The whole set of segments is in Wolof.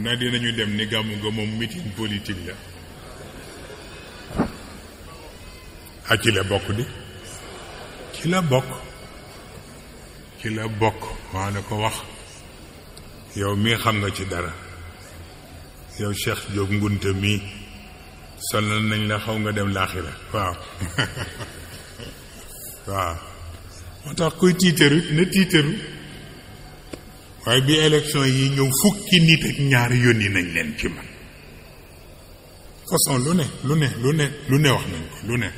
xam naa dinañu dem ni gàmmu nga moom meeting politique la ah ci la bokk di ci la bokk ci la bokk maa ne ko wax yow mii xam nga ci dara yow Cheikh Diop ngunte mii sonal nañ la xaw nga dem laaxira waaw waaw moo tax kuy tiitaru na tiitaru waaye bi élection yi ñëw fukki nit ak ñaar yónni nañ leen ci man façon lu ne lu ne lu ne lu ne wax nañ ko lu ne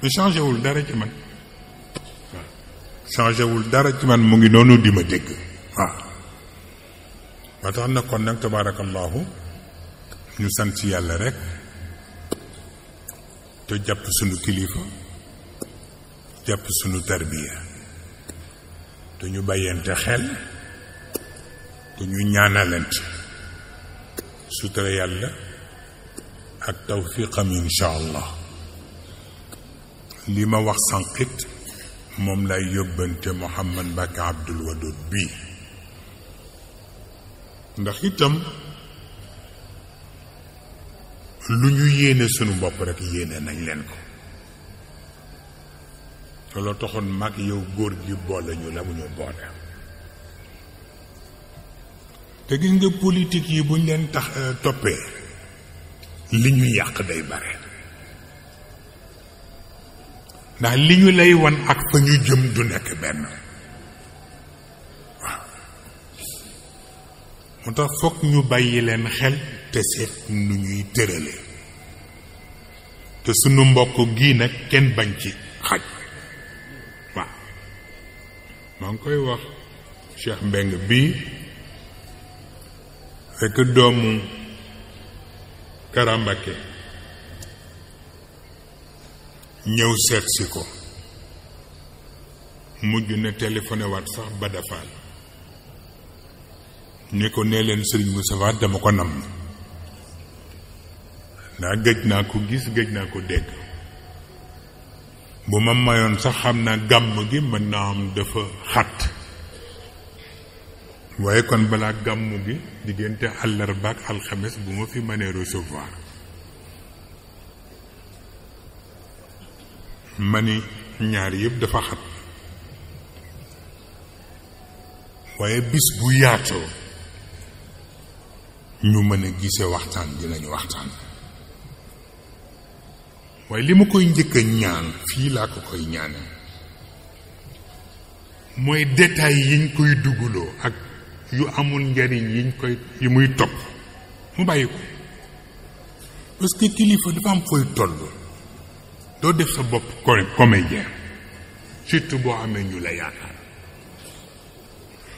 mais changé wul dara ci man waaw changé wul dara ci man mu ngi noonu di ma dégg waaw ba tax na kon nag tabaarakallaahu ñu sant yàlla rek te jàpp sunu kilifa jàpp sunu tarbiya te ñu bàyyante xel te ñu ñaanalante sutura yàlla ak tawfiqam incha allah li ma wax sànqit moom lay yóbbante Mouhamad Mbacke Abdoul Wadoud bii ndax itam lu ñu yéene sunu bopp rek yéene nañ leen ko te loo taxoon mag yow góor gi boole ñu la mu ñu boole te gis nga politique yi buñ leen tax euh, toppee li ñu yàq day bare ndax li ñu lay wan ak fa ñu jëm du nekk benn waaw moo tax foog ñu bàyyi leen xel te seet nu ñuy tërale te sunu mbokk gii nag kenn bañ ci xaj waaw maa koy wax Cheikh Mbeng bii fekk doomu Kara ñëw seetsi ko mujj na téléphoné sax ba dafaal ne ko nee leen sëriñ Moustapha dama ko nam ndax gëj naa ko gis gëj naa ko dégg bu ma mayoon sax xam naa gàmm gi mën naa am dafa xat waaye kon balaa gàmmu gi diggante àllarba ak bu ma fi mënee recevoir ma ni ñaar yëpp dafa xat waaye bis bu yaatoo ñu mën a gisee waxtaan dinañu waxtaan waaye li ma koy njëkk ñaan fii laa ko koy ñaane mooy détail yiñ koy dugguloo ak yu amul njariñ yiñ koy yi muy topp mu bàyyi ko parce kilifa dafa am fooy toll doo def sa bopp comédien surtout boo amee ñu la yaakaar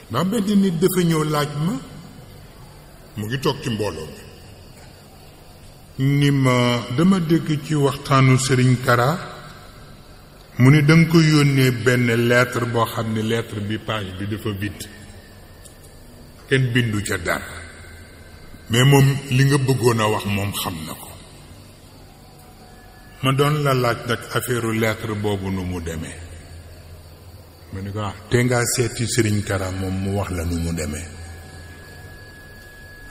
ndax benn nit dafa ñëw laaj ma mu ngi toog ci mbooloo mi ni ma dama dégg ci waxtaanu Serigne Kara mu ni da ko yónnee benn lettre boo xam ne lettre bi page bi dafa vide kenn bindu ca dara mais moom li nga bëggoon a wax moom xam na ko ma doon la laaj nag affaire lettre boobu nu mu demee ma ni ko ah te sëriñ Kara moom mu wax la nu mu demee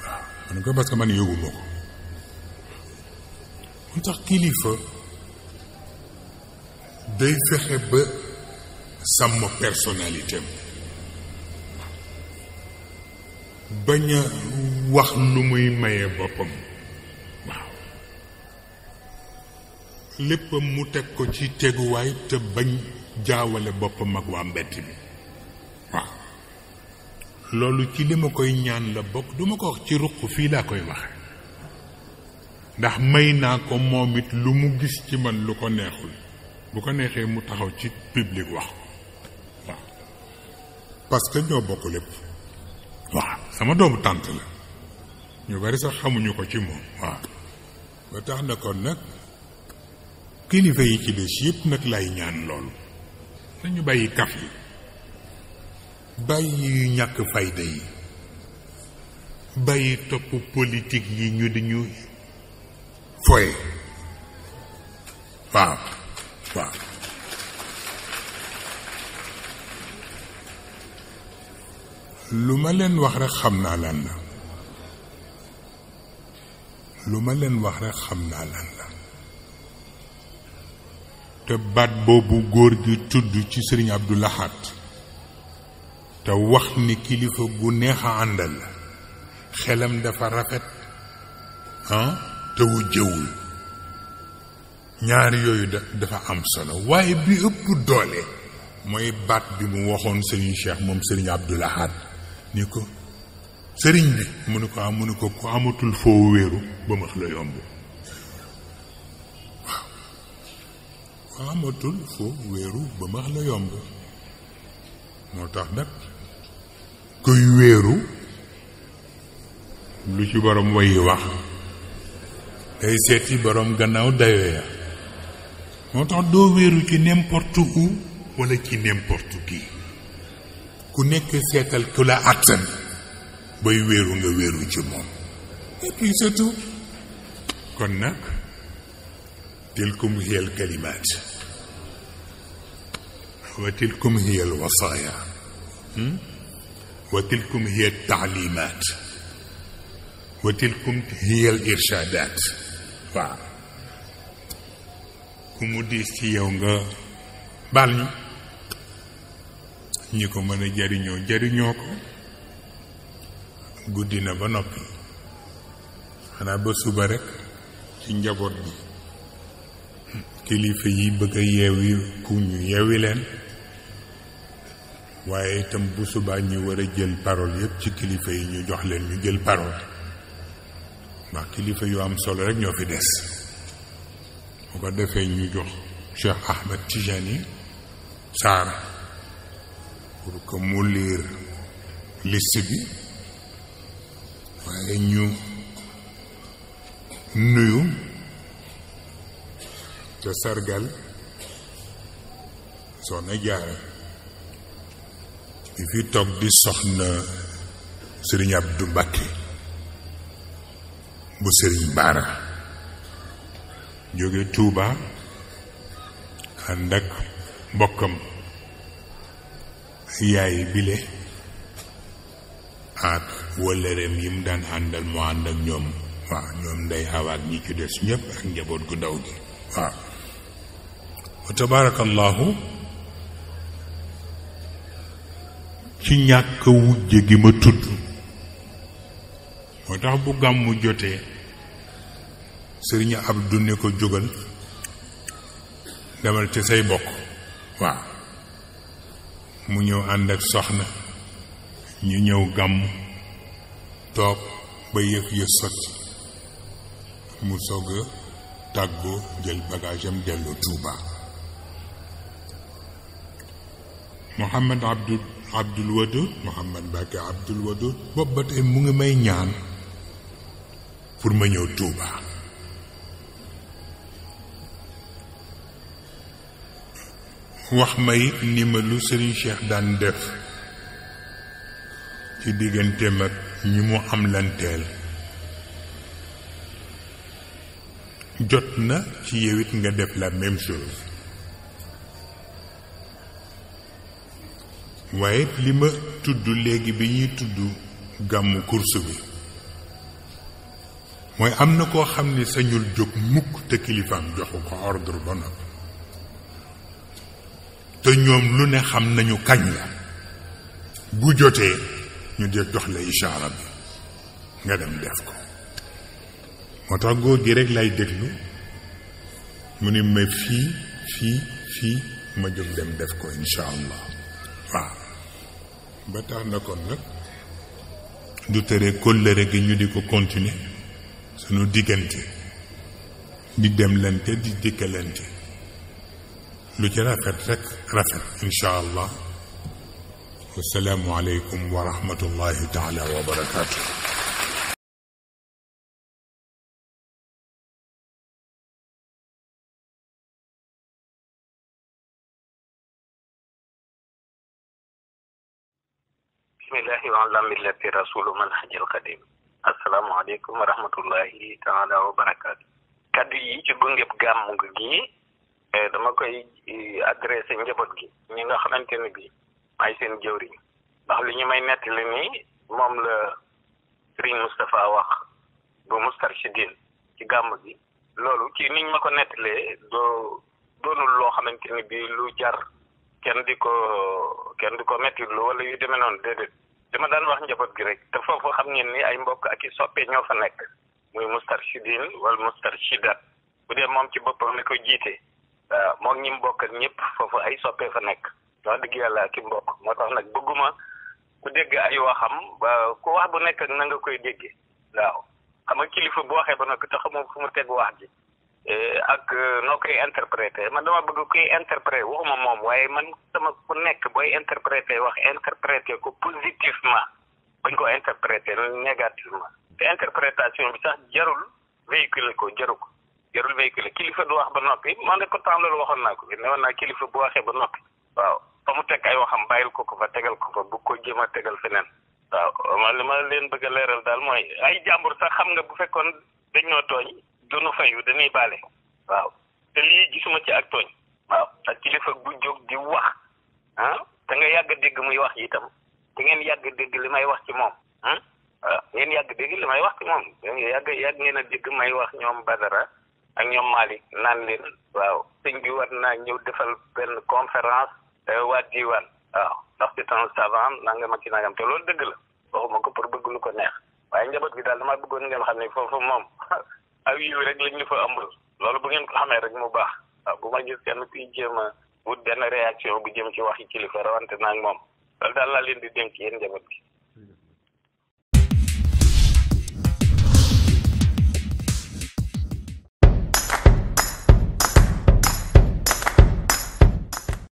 waaw ah, ko parce que man yëguma ko mu tax kilifa day fexe ba sàmm personnalité bañ a wax lu muy maye boppam waaw léppam mu teg ko ci teguwaay te bañ jaawale boppam ak waa mbett bi loolu ci li ma koy ñaan la bokk duma ko wax ci ruq fii laa koy waxe ndax may naa ko moom it lu mu gis ci man lu ko neexul bu ko neexee mu taxaw ci public wax ko ñoo bokk lépp waaw sama doomu tànt la ñu bari sax xamuñu ko ci moom waaw ba tax na ko nag kilifa yi ci des yëpp nag lay ñaan loolu dañu bàyyi kaf yi bàyyi yu ñàkk fayda yi bàyyi topp politique yi ñu di ñu foye waaw waaw lu ma leen wax rekk xam naa lan lu ma leen wax rekk xam naa lan te baat boobu góor gi tudd ci sëriñ Abdou Lahad te wax ni kilifa gu neex a àndal la xelam dafa rafet ah te wu jëwul ñaar yooyu dafa am solo waaye bi ëpp doole mooy baat bi mu waxoon sëriñ Cheikh moom sëriñ Abdou Lahad ni ko sëriñ bi mu ne ko am ah, mu ne ko ku amatul foo wéeru ba max la yomb waaw moo tax nag kuy wéeru lu ci borom wayi wax day seeti borom gannaaw dayo ya moo tax doo wéeru ci n'importe où wala ci n'importe qui ku nekk seetal ku la àttan bay wéeru nga wéeru ci kon nag tilkum hiya al kalimaat wa tilkum al wasaaya hmm? wa tilkum al taalimaat wa tilkum al irshaadaat waaw ku mu diis ci yow nga baal ñu ñi ko mën jariñoo jariñoo ko guddi na ba noppi xanaa ba suba rekk ci njaboot bi kilifa yi bëgg a yeewi ku ñu yeewi leen waaye itam bu subaa ñu war a jël parole yépp ci kilifa yi ñu jox leen ñu jël parole ndax kilifa yu am solo rek ñoo fi des bu ko defee ñu jox Cheikh Ahmed Tijani Saara pour que mu liir liste bi waaye ñu nuyu te sargal soxna jaara di fi toog di soxna sëriñ Abdou Mbàkke bu sëriñ Baara jóge Tuuba ànd ak mbokkam yaay bile ak wëllëreem yi mu daan àndal mu ànd ak ñoom waaw ñoom nday xawaat ñi ci des ñëpp ak njaboot gu ndaw gi waaw wa tabaarakallaahu ci ñàkk wujje gi ma tudd moo tax bu gàmmu jotee sëriñ Abdu ne ko jógal demal te say bokk waaw mu ñëw ànd ak soxna ñu ñëw gàmm toog ba yëf ya sotti mu soog a tàggoo jël bagage am dellu Tuuba Mouhamad Abdul Abdul Wadud Mouhamad Mbacke Abdul Wadud mu ngi may ñaan pour ma ñëw Tuuba wax may ni ma lu Serigne Cheikh daan def ci diggante ak ñi mu am lanteel jot na ci yow nga def la même chose waaye li ma tudd léegi bi ñuy tudd gàmmu course bi mooy am na koo xam ni sañul jóg mukk te kilifaam joxu ko ordre ba noppi ñoom lu ne xam nañu kañ la bu jotee ñu di jox la ishaara bi nga dem def ko moo tax góor gi rek lay déglu mu ni ma fii fii fii ma jóg dem def ko insha allah waaw ba tax na kon nag du tere kóllëre gi ñu di ko continuer sunu diggante di demlante di dikkalante lu ci rafet rek rafet incha allah wasalaamu aleykum wa rahmatullahi taala wa barakaatu bismillahi wa ala millati rasulu manhajil qadim asalaamaaleykum wa rahmatullahi taala wa barakaatu kaddu yi ci gungeb gàmm gi Eh, dama koy eh, adressé njaboot gi ñi nga xamante ne bi may seen jëwriñ ndax li ñu may nettali nii moom la Serigne Moustapha wax bu Moustarchidine ci gàmm gi loolu ci ni ma ko nettalee doo doonul loo xamante ni bi lu jar kenn di ko kenn di ko mettitlu wala yu demee noonu déedéet dama daan wax njaboot gi rek te foofu xam ngeen ni ay mbokk ak i soppe ñoo fa nekk muy Moustarchidine wala Moustarchidat bu dee ci boppam ni ko jiite Euh, moom ñi mu bokk ñëpp foofu ay soppee fa nekk wax dëgg yàlla ki mbokk moo tax nag bëgguma ku dégg ay waxam ba ku wax bu nekk nanga koy déggee waaw xam a kilifa bu waxee ba nag te xamoo fu mu teg wax ji eh, ak euh, noo koy interpréter man dama bëgg kuy interpréter waxuma moom waaye man sama ku nekk booy interpréter wax interpréter ko positivement bañ ko interpréter négativement te interprétation bi sax jarul véhiculer ko jaru ko jarul véhicule kilifa du wax ba noppi man de ko loolu waxoon naa ko fi ne woon naa kilifa bu waxee ba noppi waaw fa mu teg ay waxam bàyyil ko ko fa tegal ko fa bu ko jéem a tegal feneen waaw li ma leen bëgg a leeral daal mooy ay jàmbur sax xam nga bu fekkoon dañ ñoo tooñ dunu fayu dañuy baale waaw te lii gisuma ci ak tooñ waaw ak kilifa bu jóg di wax ah te nga yàgg dégg muy wax itam te ngeen yàgg dégg li may wax ci moom ah ngeen yàgg dégg li may wax ci moom yàgg yàgg ngeen a dégg may wax ñoom Badara ak ñoom Malick naan leen waaw sëñ bi war naa ñëw defal benn conférence waa diwaan waaw ndax ci temps savant nangam ak ci nangam te loolu dëgg la waxuma ko pour bëgg lu ko neex waaye njaboot gi daal damaa bëggoon ngeen xam ne foofu moom aw yiw rek lañ ñu fa ëmbal loolu bu ngeen ko xamee rek mu baax waaw bu ma gis kenn kuy jéem a wut benn réaction bu jëm ci waxi kilifa rawante naag moom loolu daal laa leen di dénk yéen njaboot gi